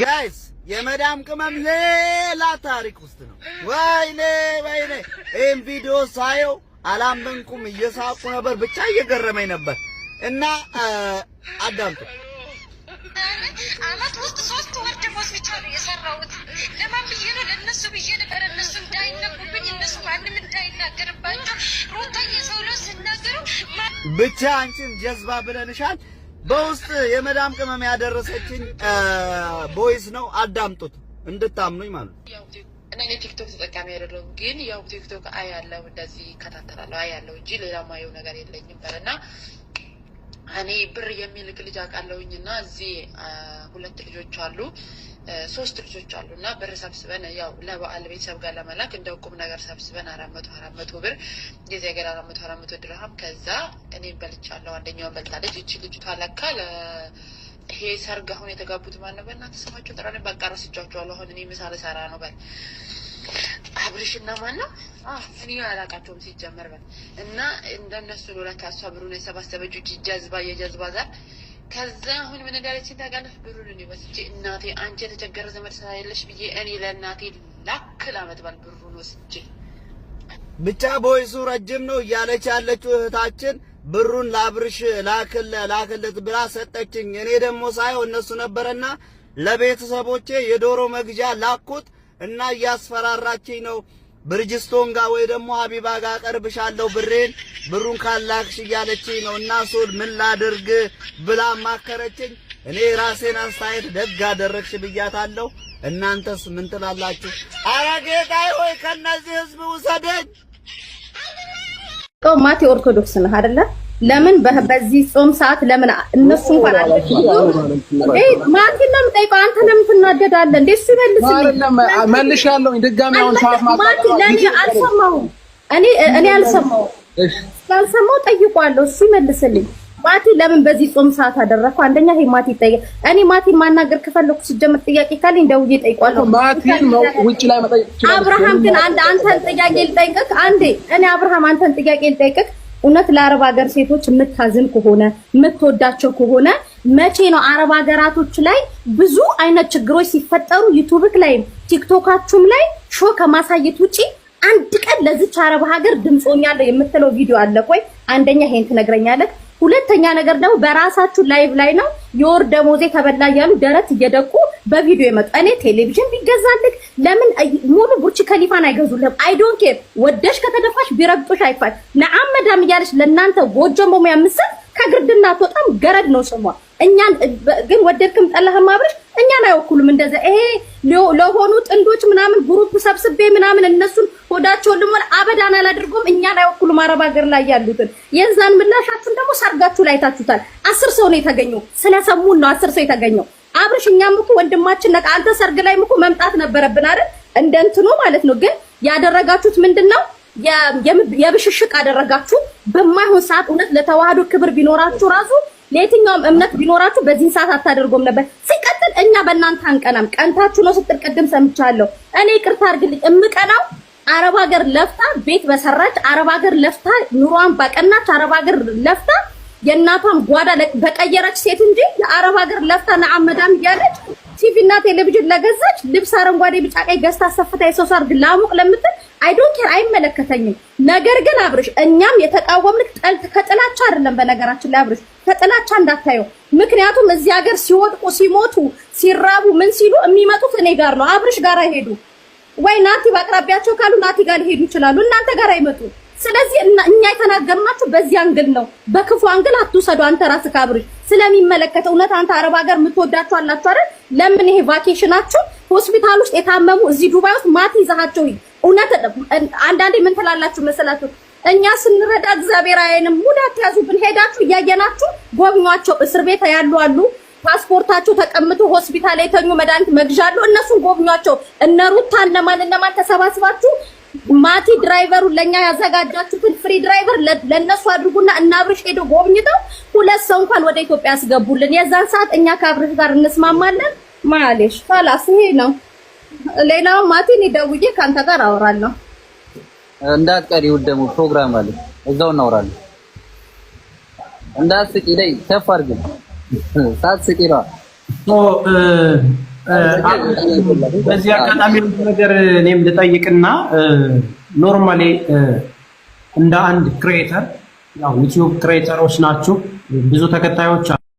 ጋይስ የመዳም ቅመም ሌላ ታሪክ ውስጥ ነው። ወይኔ ወይኔ፣ ይህም ቪዲዮ ሳየው አላመንኩም። እየሳቁ ነበር፣ ብቻ እየገረመኝ ነበር። እና አዳምጡ። አመት ውስጥ ሶስት ወር ደሞዝ ብቻ ነው የሰራሁት። ለማን ብዬ ነው? ለእነሱ ብዬ ነበር። እነሱ እንዳይነቁብኝ፣ እነሱ ማንም እንዳይናገርባቸው። ሩታ የሰው ስናገሩ ብቻ አንቺን ጀዝባ ብለንሻል በውስጥ የመዳም ቅመም ያደረሰችኝ ቦይስ ነው። አዳምጡት እንድታምኑኝ ማለት ነው። እና እኔ ቲክቶክ ተጠቃሚ አይደለሁም፣ ግን ያው ቲክቶክ አያለው እንደዚህ እከታተላለሁ አያለው እንጂ ሌላ ማየው ነገር የለኝም እና እኔ ብር የሚልክ ልጅ አውቃለሁኝ እና እዚህ ሁለት ልጆች አሉ፣ ሶስት ልጆች አሉ እና ብር ሰብስበን ያው ለበዓል ቤተሰብ ጋር ለመላክ እንደ ቁም ነገር ሰብስበን አራት መቶ አራት መቶ ብር ጊዜ ሀገር አራት መቶ አራት መቶ ድርሃም ከዛ እኔም በልቻለሁ። አንደኛውን በልታለች። እቺ ልጅ ታለካ ይሄ ሰርግ አሁን የተጋቡት ማን ነው? በእናትህ ስማቸው ጥራ። በቃ ረስቻቸዋለሁ። አሁን እኔ ምሳ ልሰራ ነው በል አብርሽና ማን ነው? እኔ አላቃቸውም ሲጀመር በል እና እንደነሱ ነው ለካ እሷ ብሩን የሰባሰበችው ጃዝባ የጃዝባ ዛር ከዛ አሁን ምን እንዳለች ታውቃለች? ብሩን እኔ ወስጄ እናቴ አንቺ የተቸገረ ዘመድ ስላለሽ ብዬ እኔ ለእናቴ ላክል አመት ባል ብሩን ወስጄ ብቻ ቦይሱ ረጅም ነው እያለች ያለችው እህታችን ብሩን ላብርሽ ላክል ላክልት ብላ ሰጠችኝ። እኔ ደግሞ ሳየው እነሱ ነበረና ለቤተሰቦቼ የዶሮ መግዣ ላኩት። እና እያስፈራራችኝ ነው ብርጅስቶን ጋር ወይ ደግሞ ሀቢባ ጋር አቀርብሻለሁ ብሬን ብሩን ካላክሽ እያለችኝ ነው እና ሶል ምን ላድርግ ብላ ማከረችኝ። እኔ ራሴን አስተያየት ደግ አደረግሽ ብያታለሁ። እናንተስ ምን ትላላችሁ? አረ ጌታዬ ሆይ ከነዚህ ህዝብ ውሰደኝ። ጦማቴ ኦርቶዶክስ ነህ አይደለ? ለምን በዚህ ጾም ሰዓት ለምን እነሱ እንኳን አለ እንዴ? ማቲ ነው የምጠይቀው። አንተ ለምን ትናደዳለህ እንዴ? እሱ ይመልስልኝ። መልሻለሁ ድጋሚ። አሁን ሰዓት ማጣ ማቲ ለኔ አልሰማሁም። እኔ እኔ አልሰማሁም። ስላልሰማሁ ጠይቋለሁ። እሱ ይመልስልኝ። ማቲ ለምን በዚህ ጾም ሰዓት አደረኩ? አንደኛ ይሄ ማቲ ይጠይቅ። እኔ ማቲ ማናገር ከፈለኩ ሲጀምር ጥያቄ ካለኝ ደውዬ ጠይቋለሁ። ማቲ ውጭ ላይ መጠየቅ። አብርሃም ግን አንድ አንተን ጥያቄ ልጠይቅህ። አንዴ እኔ አብርሃም አንተን ጥያቄ ልጠይቅህ እውነት ለአረብ ሀገር ሴቶች የምታዝን ከሆነ የምትወዳቸው ከሆነ መቼ ነው አረብ ሀገራቶች ላይ ብዙ አይነት ችግሮች ሲፈጠሩ ዩቱብክ ላይም ቲክቶካችሁም ላይ ሾ ከማሳየት ውጪ አንድ ቀን ለዚች አረብ ሀገር ድምፆኛለሁ የምትለው ቪዲዮ አለ ወይ? አንደኛ ይሄን ትነግረኛለህ። ሁለተኛ ነገር ደግሞ በራሳችሁ ላይቭ ላይ ነው የወር ደሞዜ ተበላ እያሉ ደረት እየደቁ በቪዲዮ የመጡ እኔ ቴሌቪዥን ቢገዛልክ ለምን ሙሉ ቡርች ከሊፋን አይገዙልህም? አይ ዶንት ኬር ወደሽ ከተደፋሽ ቢረግጦሽ አይፋል ለአመዳም እያለች ለእናንተ ጎጆ በሙያ ምሰጥ ከግርድና አትወጣም። ገረድ ነው ስሟ። እኛን ግን ወደድክም ጠላህም አብረሽ እኛን አይወኩሉም። እንደዛ ይሄ ለሆኑ ጥንዶች ምናምን ግሩፕ ሰብስቤ ምናምን እነሱን ሆዳቸውን ልሞን አበዳን አላድርጎም። እኛን አይወኩሉም። አረብ ሀገር ላይ ያሉትን የዛን ምላሻችን ደግሞ ሰርጋችሁ ላይ ታችሁታል። አስር ሰው ነው የተገኘው። ስለሰሙን ነው አስር ሰው የተገኘው። አብርሽ እኛም እኮ ወንድማችን ነቃ። አንተ ሰርግ ላይ እኮ መምጣት ነበረብን አይደል? እንደ ማለት ነው። ግን ያደረጋችሁት ምንድነው? የብሽሽቅ አደረጋችሁ በማይሆን ሰዓት። እውነት ለተዋህዶ ክብር ቢኖራችሁ ራሱ ለየትኛውም እምነት ቢኖራችሁ በዚህን ሰዓት አታደርጎም ነበር። ሲቀጥል እኛ በእናንተ አንቀናም። ቀንታችሁ ነው ስትል ቅድም ሰምቻለሁ። እኔ ይቅርታ አድርግልኝ፣ እምቀናው አረብ ሀገር ለፍታ ቤት በሰራች አረብ ሀገር ለፍታ ኑሯን በቀናች አረብ ሀገር ለፍታ የእናቷን ጓዳ በቀየረች ሴት እንጂ የአረብ ሀገር ለፍታ ነአመዳም እያለች ቲቪ እና ቴሌቪዥን ለገዛች ልብስ አረንጓዴ፣ ቢጫ፣ ቀይ ገዝታ ሰፍታ የሰው ሰርግ ላሙቅ ለምትል አይ ዶንት ኬር አይመለከተኝም። ነገር ግን አብርሽ እኛም የተቃወምን ከጥላቻ አይደለም። በነገራችን ላይ አብርሽ ከጥላቻ እንዳታየው፣ ምክንያቱም እዚህ ሀገር ሲወድቁ ሲሞቱ ሲራቡ ምን ሲሉ የሚመጡት እኔ ጋር ነው፣ አብርሽ ጋር አይሄዱ ወይ ናቲ በአቅራቢያቸው ካሉ ናቲ ጋር ሊሄዱ ይችላሉ፣ እናንተ ጋር አይመጡ። ስለዚህ እኛ የተናገርናችሁ በዚህ አንግል ነው። በክፉ አንግል አትውሰዱ። አንተ ራስህ ካብርሽ ስለሚመለከተው እውነት አንተ አረብ ሀገር የምትወዳቸው አላችሁ አይደል? ለምን ይሄ ቫኬሽናችሁ ሆስፒታል ውስጥ የታመሙ እዚህ ዱባይ ውስጥ ማት ይዛሃቸው እውነት አንዳንዴ ምን ትላላችሁ መሰላችሁ? እኛ ስንረዳ እግዚአብሔር አይንም ሙድ አትያዙብን። ሄዳችሁ እያየናችሁ ጎብኟቸው። እስር ቤት ያሉ አሉ፣ ፓስፖርታቸው ተቀምቶ ሆስፒታል የተኙ መድኃኒት መግዣ አሉ። እነሱን ጎብኟቸው። እነ ሩታ እነማን እነማን ተሰባስባችሁ ማቲ ድራይቨሩን ለኛ ያዘጋጃችሁትን ፍሪ ድራይቨር ለነሱ አድርጉና እና አብርሽ ሄዶ ጎብኝተው ሁለት ሰው እንኳን ወደ ኢትዮጵያ ያስገቡልን። የዛን ሰዓት እኛ ከአብርሽ ጋር እንስማማለን። ማለሽ ፋላስ ይሄ ነው። ሌላው ማቲን እኔ ደውዬ ከአንተ ጋር አወራለሁ። እንዳትቀሪው ደግሞ ፕሮግራም አለ፣ እዛው እናወራለን። እንዳትስቂ ላይ ከፍ አድርጊ፣ ሳትስቂ ነው። በዚህ አጋጣሚ ነገር እኔም ልጠይቅና ኖርማሊ እንደ አንድ ክሬተር ያው ዩቲዩብ ክሬተሮች ናችሁ፣ ብዙ ተከታዮች